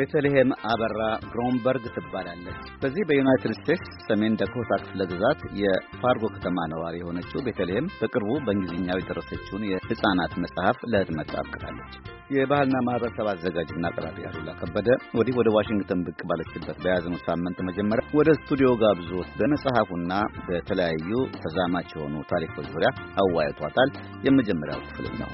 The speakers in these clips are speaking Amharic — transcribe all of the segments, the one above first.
ቤተልሔም አበራ ግሮንበርግ ትባላለች። በዚህ በዩናይትድ ስቴትስ ሰሜን ደኮታ ክፍለ ግዛት የፋርጎ ከተማ ነዋሪ የሆነችው ቤተልሔም በቅርቡ በእንግሊዝኛው የደረሰችውን የሕፃናት መጽሐፍ ለህትመት አብቅታለች። የባህልና ማህበረሰብ አዘጋጅና አቅራቢ አሉላ ከበደ ወዲህ ወደ ዋሽንግተን ብቅ ባለችበት በያዝነው ሳምንት መጀመሪያ ወደ ስቱዲዮ ጋብዞት በመጽሐፉና በተለያዩ ተዛማች የሆኑ ታሪኮች ዙሪያ አዋይቷታል። የመጀመሪያው ክፍልም ነው።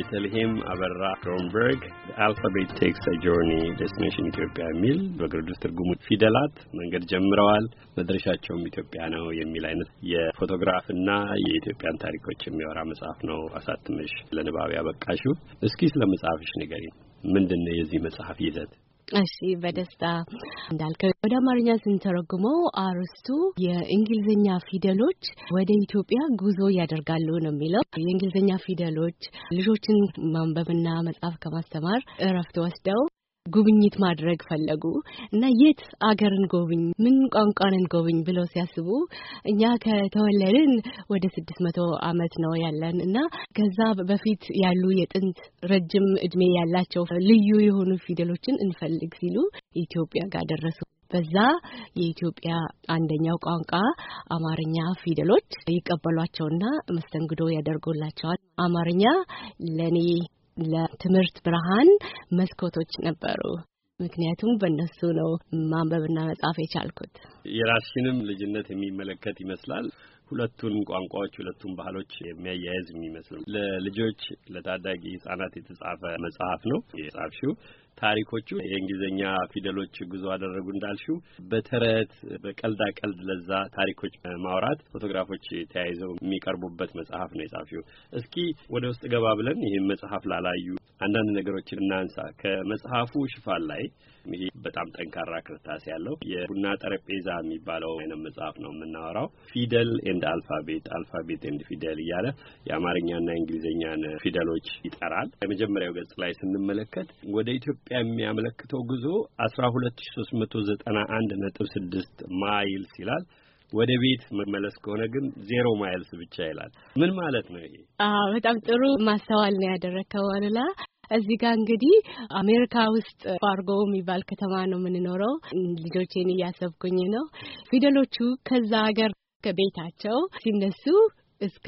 ቤተልሔም አበራ ሮምበርግ አልፋቤት ቴክስ ጆርኒ ዴስቲኔሽን ኢትዮጵያ የሚል በግርድፍ ትርጉሙ ፊደላት መንገድ ጀምረዋል መድረሻቸውም ኢትዮጵያ ነው የሚል አይነት የፎቶግራፍና የኢትዮጵያን ታሪኮች የሚያወራ መጽሐፍ ነው አሳትመሽ ለንባብ ያበቃሹ እስኪ ስለ መጽሐፍሽ ንገሪኝ። ምንድን ነው የዚህ መጽሐፍ ይዘት? እሺ በደስታ እንዳልከው ወደ አማርኛ ስንተረጉመው አርስቱ የእንግሊዝኛ ፊደሎች ወደ ኢትዮጵያ ጉዞ ያደርጋሉ ነው የሚለው። የእንግሊዝኛ ፊደሎች ልጆችን ማንበብና መጻፍ ከማስተማር እረፍት ወስደው ጉብኝት ማድረግ ፈለጉ እና የት አገርን ጎብኝ፣ ምን ቋንቋንን ጎብኝ ብለው ሲያስቡ እኛ ከተወለድን ወደ ስድስት መቶ ዓመት ነው ያለን እና ከዛ በፊት ያሉ የጥንት ረጅም እድሜ ያላቸው ልዩ የሆኑ ፊደሎችን እንፈልግ ሲሉ ኢትዮጵያ ጋር ደረሱ። በዛ የኢትዮጵያ አንደኛው ቋንቋ አማርኛ ፊደሎች ይቀበሏቸውና መስተንግዶ ያደርጉላቸዋል። አማርኛ ለኔ ለትምህርት ብርሃን መስኮቶች ነበሩ። ምክንያቱም በእነሱ ነው ማንበብና መጻፍ የቻልኩት። የራስሽንም ልጅነት የሚመለከት ይመስላል። ሁለቱን ቋንቋዎች ሁለቱን ባህሎች የሚያያይዝ የሚመስል ለልጆች ለታዳጊ ህጻናት የተጻፈ መጽሐፍ ነው የጻፍሽው። ታሪኮቹ የእንግሊዝኛ ፊደሎች ጉዞ አደረጉ እንዳልሽው በተረት በቀልዳ ቀልድ ለዛ ታሪኮች ማውራት ፎቶግራፎች ተያይዘው የሚቀርቡበት መጽሐፍ ነው የጻፊው። እስኪ ወደ ውስጥ ገባ ብለን ይህም መጽሐፍ ላላዩ አንዳንድ ነገሮችን እናንሳ። ከመጽሐፉ ሽፋን ላይ ይሄ በጣም ጠንካራ ክርታስ ያለው የቡና ጠረጴዛ የሚባለው አይነት መጽሐፍ ነው የምናወራው። ፊደል ኤንድ አልፋቤት አልፋቤት ኤንድ ፊደል እያለ የአማርኛና የእንግሊዝኛን ፊደሎች ይጠራል። የመጀመሪያው ገጽ ላይ ስንመለከት ወደ ኢትዮጵያ ኢትዮጵያ የሚያመለክተው ጉዞ 12391.6 ማይልስ ይላል። ወደ ቤት መመለስ ከሆነ ግን ዜሮ ማይልስ ብቻ ይላል። ምን ማለት ነው ይሄ? አዎ በጣም ጥሩ ማስተዋል ነው ያደረከው አሉላ። እዚህ ጋር እንግዲህ አሜሪካ ውስጥ ፋርጎ የሚባል ከተማ ነው የምንኖረው። ልጆቼን እያሰብኩኝ ነው። ፊደሎቹ ከዛ ሀገር ከቤታቸው ሲነሱ እስከ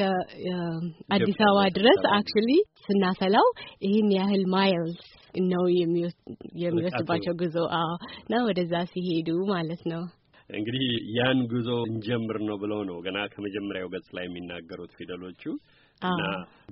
አዲስ አበባ ድረስ አክቹሊ ስናሰላው ይህን ያህል ማይልስ ነው የሚወስድባቸው ጉዞ። አዎ እና ወደዛ ሲሄዱ ማለት ነው። እንግዲህ ያን ጉዞ እንጀምር ነው ብለው ነው ገና ከመጀመሪያው ገጽ ላይ የሚናገሩት ፊደሎቹ እና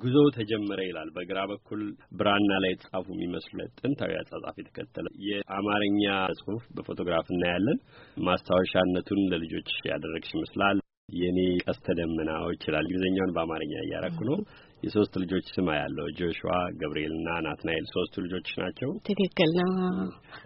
ጉዞ ተጀመረ ይላል። በግራ በኩል ብራና ላይ የተጻፉ የሚመስሉ ጥንታዊ አጻጻፍ የተከተለ የአማርኛ ጽሁፍ በፎቶግራፍ እናያለን። ማስታወሻነቱን ለልጆች ያደረግሽ ይመስላል። የእኔ ቀስተ ደመናዎች ይላል። እንግሊዝኛውን በአማርኛ እያረኩ ነው። የሶስት ልጆች ስም ያለው ጆሹዋ፣ እና ናትናኤል ሶስቱ ልጆች ናቸው። ትክክል ነው።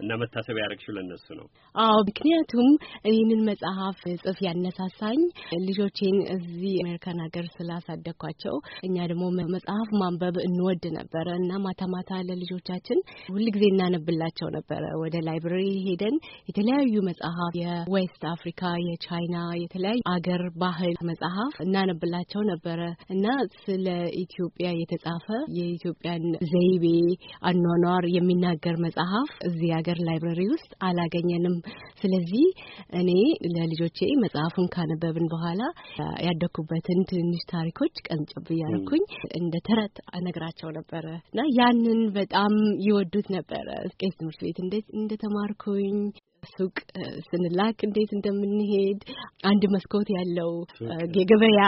እና መታሰቢያ ያደረግሽው ለእነሱ ነው? አዎ፣ ምክንያቱም ይህንን መጽሐፍ ጽፍ ያነሳሳኝ ልጆቼን እዚህ አሜሪካን ሀገር ስላሳደግኳቸው፣ እኛ ደግሞ መጽሐፍ ማንበብ እንወድ ነበረ እና ማታ ማታ ለልጆቻችን ሁልጊዜ እናነብላቸው ነበረ። ወደ ላይብረሪ ሄደን የተለያዩ መጽሐፍ የዌስት አፍሪካ፣ የቻይና፣ የተለያዩ አገር ባህል መጽሐፍ እናነብላቸው ነበረ እና ስለ ኢትዮጵያ የተጻፈ የኢትዮጵያን ዘይቤ አኗኗር የሚናገር መጽሐፍ እዚህ ሀገር ላይብረሪ ውስጥ አላገኘንም። ስለዚህ እኔ ለልጆቼ መጽሐፉን ካነበብን በኋላ ያደኩበትን ትንሽ ታሪኮች ቀንጭብ እያደረኩኝ እንደ ተረት ነግራቸው ነበረ እና ያንን በጣም ይወዱት ነበረ። ቄስ ትምህርት ቤት እንዴት እንደተማርኩኝ ሱቅ ስንላክ እንዴት እንደምንሄድ አንድ መስኮት ያለው የገበያ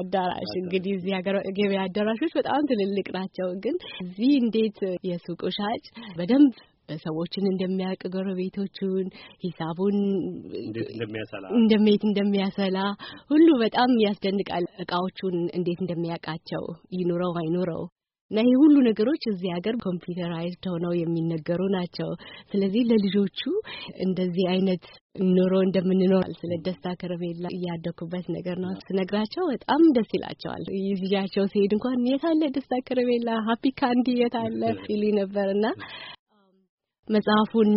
አዳራሽ እንግዲህ እዚህ ገበያ አዳራሾች በጣም ትልልቅ ናቸው። ግን እዚህ እንዴት የሱቁ ሻጭ በደንብ ሰዎችን እንደሚያውቅ ጎረቤቶቹን፣ ሂሳቡን እንዴት እንደሚያሰላ ሁሉ በጣም ያስደንቃል። እቃዎቹን እንዴት እንደሚያውቃቸው ይኑረው አይኑረው እና ይሄ ሁሉ ነገሮች እዚህ ሀገር ኮምፒውተራይዝድ ሆነው የሚነገሩ ናቸው። ስለዚህ ለልጆቹ እንደዚህ አይነት ኑሮ እንደምንኖር ስለ ደስታ ከረሜላ እያደኩበት ነገር ነው ስነግራቸው በጣም ደስ ይላቸዋል። ይዣቸው ሲሄድ እንኳን የታለ ደስታ ከረሜላ ሀፒ ካንዲ የታለ ይሉ ነበር እና መጽሐፉን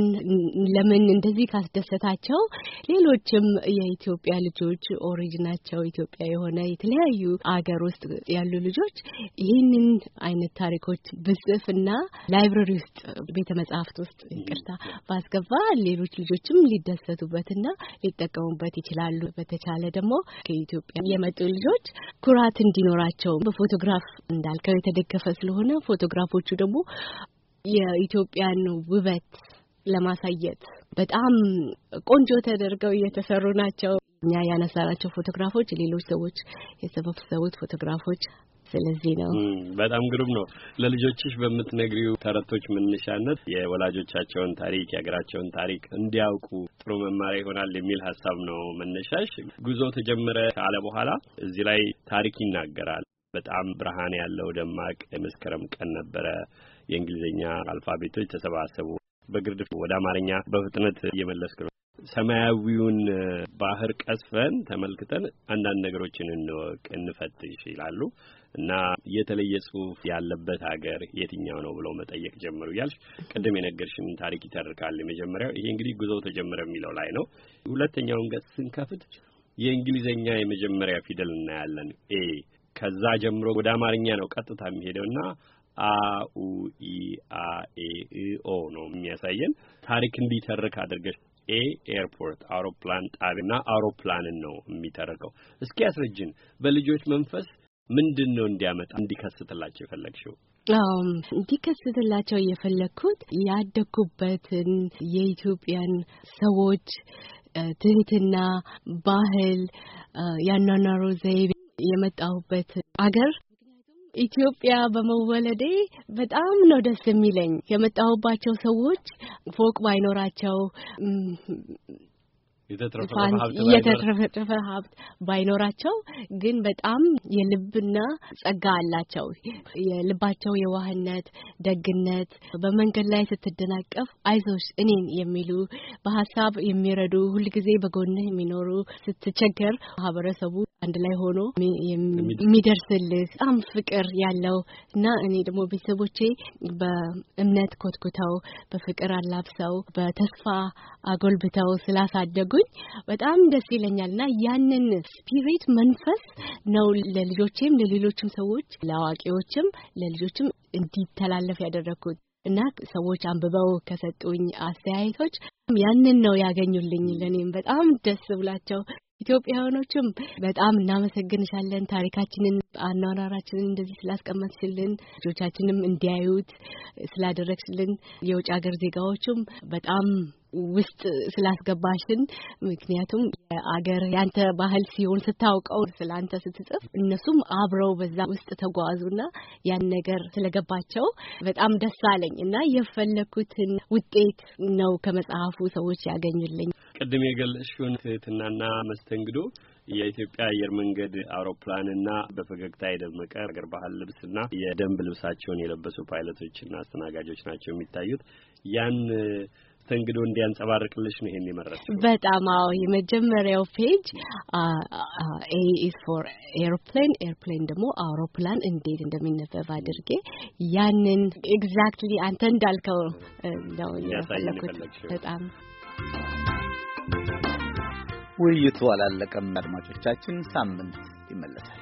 ለምን እንደዚህ ካስደሰታቸው ሌሎችም የኢትዮጵያ ልጆች ኦሪጅናቸው ኢትዮጵያ የሆነ የተለያዩ አገር ውስጥ ያሉ ልጆች ይህንን አይነት ታሪኮች ብጽፍና ላይብረሪ ውስጥ ቤተ መጽሐፍት ውስጥ ይቅርታ ባስገባ ሌሎች ልጆችም ሊደሰቱበትና ሊጠቀሙበት ይችላሉ። በተቻለ ደግሞ ከኢትዮጵያ የመጡ ልጆች ኩራት እንዲኖራቸው በፎቶግራፍ እንዳልከው የተደገፈ ስለሆነ ፎቶግራፎቹ ደግሞ የኢትዮጵያን ውበት ለማሳየት በጣም ቆንጆ ተደርገው እየተሰሩ ናቸው። እኛ ያነሳናቸው ፎቶግራፎች ሌሎች ሰዎች የሰበሰቡት ፎቶግራፎች ስለዚህ ነው። በጣም ግሩም ነው። ለልጆችሽ በምትነግሪው ተረቶች መነሻነት የወላጆቻቸውን ታሪክ የሀገራቸውን ታሪክ እንዲያውቁ ጥሩ መማሪያ ይሆናል የሚል ሀሳብ ነው መነሻሽ። ጉዞ ተጀመረ ካለ በኋላ እዚህ ላይ ታሪክ ይናገራል። በጣም ብርሃን ያለው ደማቅ የመስከረም ቀን ነበረ። የእንግሊዝኛ አልፋቤቶች ተሰባሰቡ። በግርድፍ ወደ አማርኛ በፍጥነት እየመለስኩ ነው። ሰማያዊውን ባህር ቀስፈን ተመልክተን አንዳንድ ነገሮችን እንወቅ፣ እንፈትሽ ይላሉ እና የተለየ ጽሁፍ ያለበት ሀገር የትኛው ነው ብለው መጠየቅ ጀመሩ እያልሽ ቅድም የነገርሽን ታሪክ ይተርካል። የመጀመሪያው ይሄ እንግዲህ ጉዞ ተጀመረ የሚለው ላይ ነው። ሁለተኛውን ገጽ ስንከፍት የእንግሊዝኛ የመጀመሪያ ፊደል እናያለን ኤ ከዛ ጀምሮ ወደ አማርኛ ነው ቀጥታ የሚሄደው እና አኡኢአኤኦ ነው የሚያሳየን። ታሪክ እንዲተርክ አድርገሽ ኤ ኤርፖርት አውሮፕላን ጣቢያና አውሮፕላንን ነው የሚተርከው። እስኪ ያስረጅን በልጆች መንፈስ ምንድን ነው እንዲያመጣ እንዲከስትላቸው የፈለግሽው? እንዲከስትላቸው የፈለግኩት ያደግኩበትን የኢትዮጵያን ሰዎች ትህትና፣ ባህል፣ ያኗኗሩ ዘይቤ የመጣሁበት አገር ኢትዮጵያ በመወለዴ በጣም ነው ደስ የሚለኝ። የመጣሁባቸው ሰዎች ፎቅ ባይኖራቸው የተትረፈረፈ ሀብት ባይኖራቸው ግን በጣም የልብና ጸጋ አላቸው። የልባቸው የዋህነት፣ ደግነት በመንገድ ላይ ስትደናቀፍ አይዞሽ እኔን የሚሉ በሀሳብ የሚረዱ ሁልጊዜ በጎንህ የሚኖሩ ስትቸገር ማህበረሰቡ አንድ ላይ ሆኖ የሚደርስልህ በጣም ፍቅር ያለው እና እኔ ደግሞ ቤተሰቦቼ በእምነት ኮትኩተው በፍቅር አላብሰው በተስፋ አጎልብተው ስላሳደጉ ካለሁኝ በጣም ደስ ይለኛል እና ያንን ስፒሪት መንፈስ ነው ለልጆቼም ለሌሎችም ሰዎች ለአዋቂዎችም ለልጆችም እንዲተላለፍ ያደረግኩት እና ሰዎች አንብበው ከሰጡኝ አስተያየቶች ያንን ነው ያገኙልኝ። ለእኔም በጣም ደስ ብላቸው ኢትዮጵያውያኖችም በጣም እናመሰግንሻለን። ታሪካችንን፣ አኗኗራችንን እንደዚህ ስላስቀመጥሽልን፣ ልጆቻችንም እንዲያዩት ስላደረግሽልን፣ የውጭ ሀገር ዜጋዎችም በጣም ውስጥ ስላስገባሽን ምክንያቱም አገር ያንተ ባህል ሲሆን ስታውቀው ስለ አንተ ስትጽፍ እነሱም አብረው በዛ ውስጥ ተጓዙና ያን ነገር ስለገባቸው በጣም ደስ አለኝ እና የፈለኩትን ውጤት ነው ከመጽሐፉ ሰዎች ያገኙልኝ ቅድም የገለጽሽውን ትህትናና መስተንግዶ የኢትዮጵያ አየር መንገድ አውሮፕላንና በፈገግታ የደመቀ አገር ባህል ልብስና የደንብ ልብሳቸውን የለበሱ ፓይለቶችና አስተናጋጆች ናቸው የሚታዩት ያን ተንግዶ እንዲያንጸባርቅልሽ ነው ይሄን የመረጥኩት። በጣም አዎ፣ የመጀመሪያው ፔጅ ኤ ኢዝ ፎር ኤርፕሌን ኤርፕሌን ደግሞ አውሮፕላን እንዴት እንደሚነበብ አድርጌ ያንን ኤግዛክትሊ አንተ እንዳልከው ነው የፈለኩት በጣም ውይይቱ አላለቀም። አድማጮቻችን ሳምንት ይመለሳል።